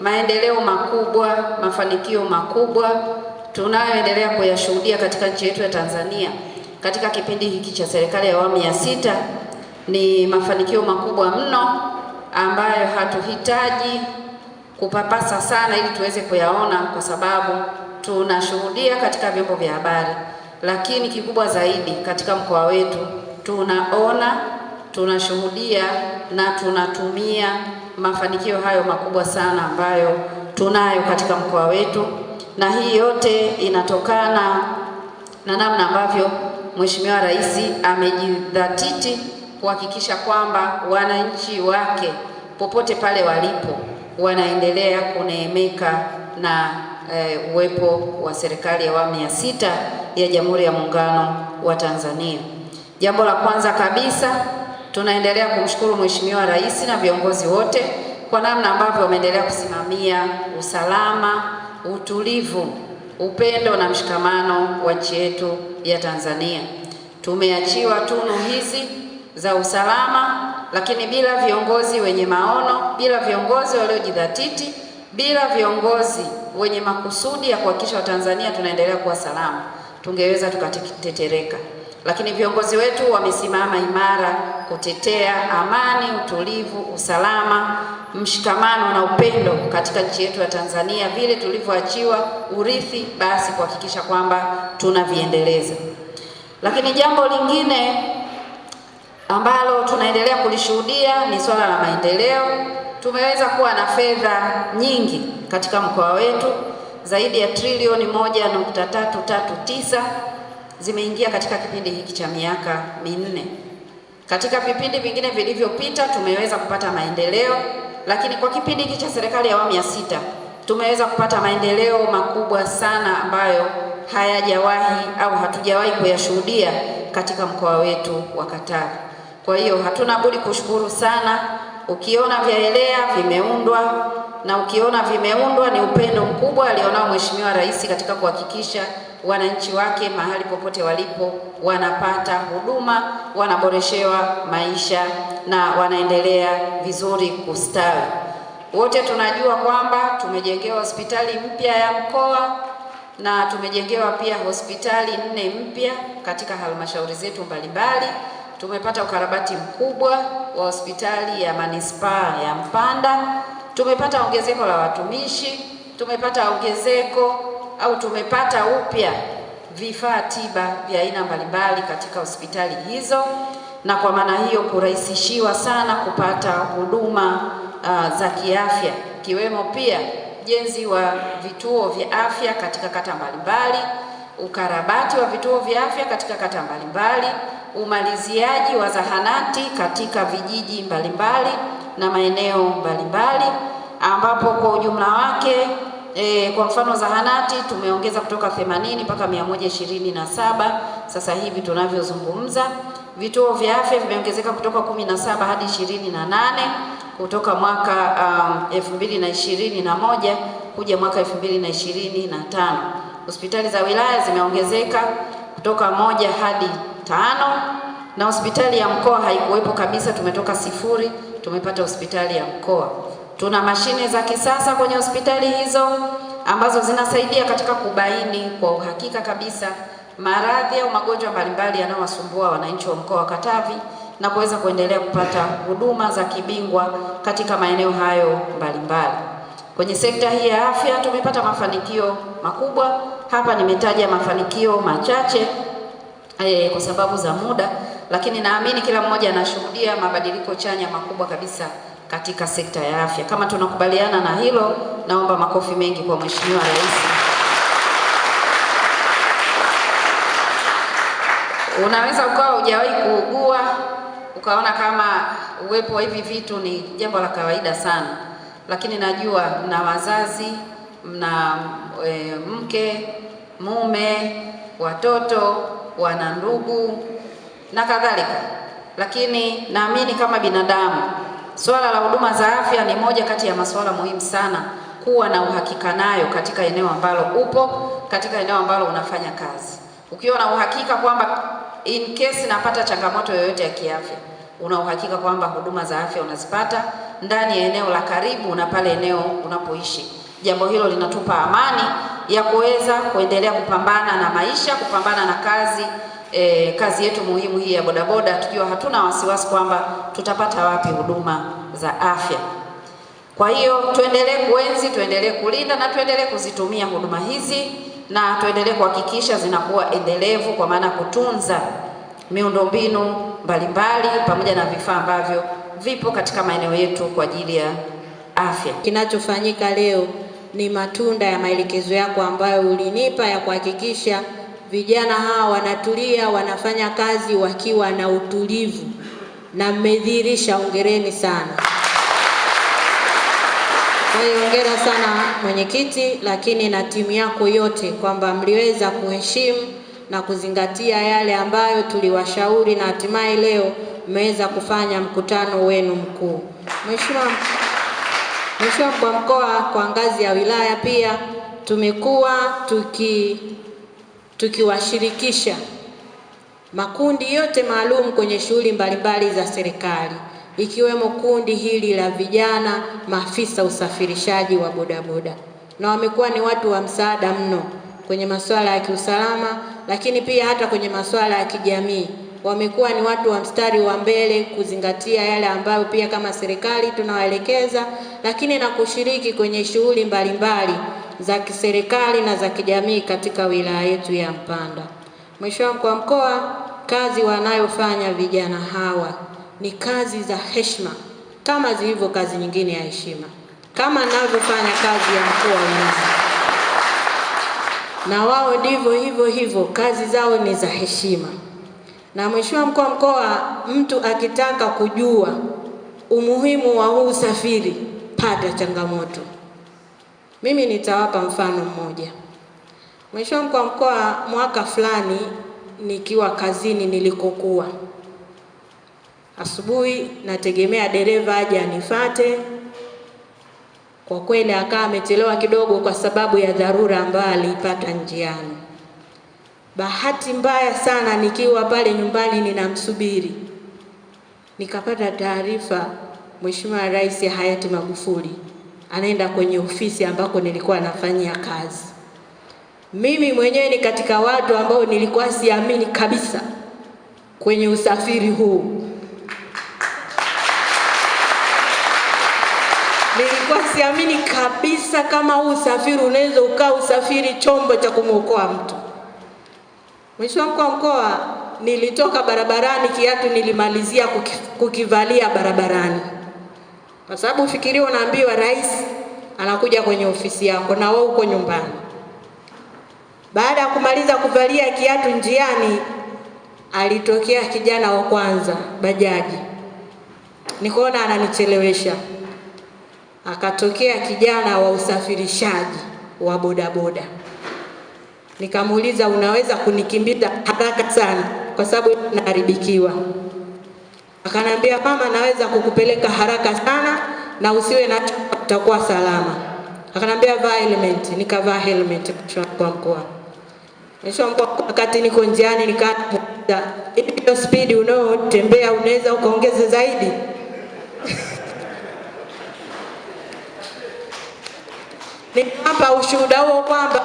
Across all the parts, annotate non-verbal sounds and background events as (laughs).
Maendeleo makubwa, mafanikio makubwa tunayoendelea kuyashuhudia katika nchi yetu ya Tanzania katika kipindi hiki cha serikali ya awamu ya sita ni mafanikio makubwa mno ambayo hatuhitaji kupapasa sana ili tuweze kuyaona, kwa sababu tunashuhudia katika vyombo vya habari, lakini kikubwa zaidi katika mkoa wetu tunaona tunashuhudia na tunatumia mafanikio hayo makubwa sana ambayo tunayo katika mkoa wetu, na hii yote inatokana na namna ambavyo Mheshimiwa Rais amejidhatiti kuhakikisha kwamba wananchi wake popote pale walipo wanaendelea kuneemeka na e, uwepo wa serikali ya awamu ya sita ya Jamhuri ya Muungano wa Tanzania. Jambo la kwanza kabisa Tunaendelea kumshukuru Mheshimiwa Rais na viongozi wote kwa namna ambavyo wameendelea kusimamia usalama, utulivu, upendo na mshikamano wa nchi yetu ya Tanzania. Tumeachiwa tunu hizi za usalama, lakini bila viongozi wenye maono, bila viongozi waliojidhatiti, bila viongozi wenye makusudi ya kuhakikisha Watanzania tunaendelea kuwa salama, tungeweza tukatetereka. Lakini viongozi wetu wamesimama imara kutetea amani, utulivu, usalama, mshikamano na upendo katika nchi yetu ya Tanzania, vile tulivyoachiwa urithi, basi kuhakikisha kwamba tunaviendeleza. Lakini jambo lingine ambalo tunaendelea kulishuhudia ni swala la maendeleo. Tumeweza kuwa na fedha nyingi katika mkoa wetu zaidi ya trilioni moja nukta tatu tatu tisa zimeingia katika kipindi hiki cha miaka minne. Katika vipindi vingine vilivyopita tumeweza kupata maendeleo, lakini kwa kipindi hiki cha serikali ya awamu ya sita tumeweza kupata maendeleo makubwa sana ambayo hayajawahi au hatujawahi kuyashuhudia katika mkoa wetu wa Katavi. Kwa hiyo hatuna budi kushukuru sana. Ukiona vyaelea vimeundwa, na ukiona vimeundwa ni upendo mkubwa alionao Mheshimiwa Rais katika kuhakikisha wananchi wake mahali popote walipo wanapata huduma, wanaboreshewa maisha na wanaendelea vizuri kustawi. Wote tunajua kwamba tumejengewa hospitali mpya ya mkoa na tumejengewa pia hospitali nne mpya katika halmashauri zetu mbalimbali. Tumepata ukarabati mkubwa wa hospitali ya manispaa ya Mpanda, tumepata ongezeko la watumishi, tumepata ongezeko au tumepata upya vifaa tiba vya aina mbalimbali katika hospitali hizo, na kwa maana hiyo kurahisishiwa sana kupata huduma uh, za kiafya ikiwemo pia ujenzi wa vituo vya afya katika kata mbalimbali, ukarabati wa vituo vya afya katika kata mbalimbali, umaliziaji wa zahanati katika vijiji mbalimbali na maeneo mbalimbali ambapo kwa ujumla wake E, kwa mfano zahanati tumeongeza kutoka 80 mpaka 127 sasa hivi tunavyozungumza. Vituo vya afya vimeongezeka kutoka 17 hadi 28 kutoka mwaka um, 2021 kuja mwaka 2025. Hospitali za wilaya zimeongezeka kutoka moja hadi tano na hospitali ya mkoa haikuwepo kabisa, tumetoka sifuri tumepata hospitali ya mkoa. Tuna mashine za kisasa kwenye hospitali hizo ambazo zinasaidia katika kubaini kwa uhakika kabisa maradhi au magonjwa mbalimbali yanayowasumbua wananchi wa mkoa wa Katavi na kuweza kuendelea kupata huduma za kibingwa katika maeneo hayo mbalimbali. Kwenye sekta hii ya afya tumepata mafanikio makubwa. Hapa nimetaja mafanikio machache e, kwa sababu za muda, lakini naamini kila mmoja anashuhudia mabadiliko chanya makubwa kabisa katika sekta ya afya. Kama tunakubaliana na hilo, naomba makofi mengi kwa Mheshimiwa Rais. Unaweza ukawa hujawahi kuugua ukaona kama uwepo wa hivi vitu ni jambo la kawaida sana, lakini najua mna wazazi, mna e, mke, mume, watoto, wana ndugu na kadhalika, lakini naamini kama binadamu Swala la huduma za afya ni moja kati ya masuala muhimu sana kuwa na uhakika nayo katika eneo ambalo upo, katika eneo ambalo unafanya kazi. Ukiwa na uhakika kwamba in case napata changamoto yoyote ya kiafya, una uhakika kwamba huduma za afya unazipata ndani ya eneo la karibu na pale eneo unapoishi. Jambo hilo linatupa amani ya kuweza kuendelea kupambana na maisha, kupambana na kazi e, kazi yetu muhimu hii ya bodaboda, tukiwa hatuna wasiwasi kwamba tutapata wapi huduma za afya. Kwa hiyo tuendelee kuenzi, tuendelee kulinda na tuendelee kuzitumia huduma hizi na tuendelee kuhakikisha zinakuwa endelevu, kwa maana kutunza miundombinu mbalimbali pamoja na vifaa ambavyo vipo katika maeneo yetu kwa ajili ya afya. Kinachofanyika leo ni matunda ya maelekezo yako ambayo ulinipa ya kuhakikisha vijana hawa wanatulia, wanafanya kazi wakiwa na utulivu, na mmedhihirisha. Hongereni sana. Kwa hiyo hongera sana mwenyekiti, lakini na timu yako yote, kwamba mliweza kuheshimu na kuzingatia yale ambayo tuliwashauri na hatimaye leo mmeweza kufanya mkutano wenu mkuu. Mheshimiwa Mheshimiwa mkuu wa mkoa, kwa ngazi ya wilaya pia tumekuwa tuki tukiwashirikisha makundi yote maalum kwenye shughuli mbalimbali za serikali ikiwemo kundi hili la vijana maafisa usafirishaji wa bodaboda, na wamekuwa ni watu wa msaada mno kwenye masuala ya kiusalama, lakini pia hata kwenye masuala ya kijamii wamekuwa ni watu wa mstari wa mbele kuzingatia yale ambayo pia kama serikali tunawaelekeza, lakini na kushiriki kwenye shughuli mbalimbali za kiserikali na za kijamii katika wilaya yetu ya Mpanda. Mheshimiwa Mkuu wa Mkoa, kazi wanayofanya vijana hawa ni kazi za heshima kama zilivyo kazi nyingine ya heshima, kama ninavyofanya kazi ya mkuu wa wilaya, na wao ndivyo hivyo hivyo, kazi zao ni za heshima. Na Mheshimiwa Mkuu wa Mkoa, mtu akitaka kujua umuhimu wa huu usafiri, pata changamoto. Mimi nitawapa mfano mmoja. Mheshimiwa mkuu wa mkoa, mwaka fulani nikiwa kazini nilikokuwa, asubuhi nategemea dereva aje anifate. Kwa kweli akawa amechelewa kidogo kwa sababu ya dharura ambayo aliipata njiani. Bahati mbaya sana, nikiwa pale nyumbani ninamsubiri, nikapata taarifa Mheshimiwa Rais hayati Magufuli anaenda kwenye ofisi ambako nilikuwa nafanyia kazi. Mimi mwenyewe ni katika watu ambao nilikuwa siamini kabisa kwenye usafiri huu. Nilikuwa siamini kabisa kama huu usafiri unaweza ukaa usafiri chombo cha kumwokoa mtu. Mheshimiwa mkuu wa mkoa, nilitoka barabarani, kiatu nilimalizia kukivalia barabarani kwa sababu fikiria unaambiwa rais anakuja kwenye ofisi yako na wewe uko nyumbani. Baada ya kumaliza kuvalia kiatu njiani, alitokea kijana wa kwanza bajaji, nikaona ananichelewesha. Akatokea kijana wa usafirishaji wa bodaboda, nikamuuliza unaweza kunikimbiza haraka sana, kwa sababu naharibikiwa Akaniambia, mama, naweza kukupeleka haraka sana na usiwe na utakuwa salama. Akaniambia vaa helmet, nikavaa helmet kwa mkoa. Nishampa wakati niko njiani nikaanza, hiyo speed unaotembea unaweza ukaongeze zaidi. (laughs) Nikapa ushuhuda huo kwamba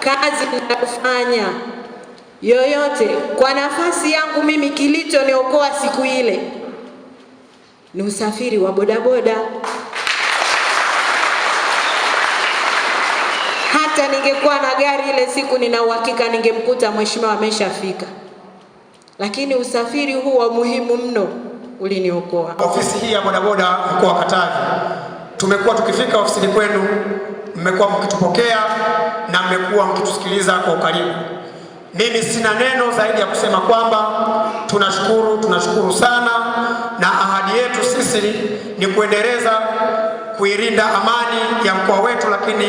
kazi ninayofanya yoyote kwa nafasi yangu mimi, kilichoniokoa siku ile ni usafiri wa bodaboda. Hata ningekuwa na gari ile siku, nina uhakika ningemkuta mheshimiwa ameshafika, lakini usafiri huu wa muhimu mno uliniokoa. Ofisi hii ya bodaboda mkoa wa Katavi, tumekuwa tukifika ofisini kwenu, mmekuwa mkitupokea na mmekuwa mkitusikiliza kwa ukaribu. Mimi sina neno zaidi ya kusema kwamba tunashukuru, tunashukuru sana na ahadi yetu sisi ni kuendeleza kuilinda amani ya mkoa wetu, lakini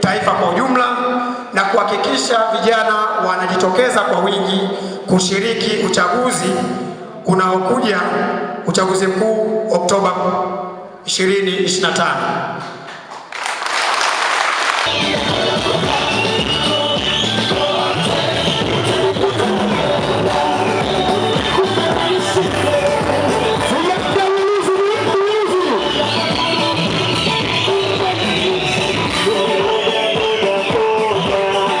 taifa kwa ujumla, na kuhakikisha vijana wanajitokeza kwa wingi kushiriki uchaguzi unaokuja, uchaguzi mkuu Oktoba 2025.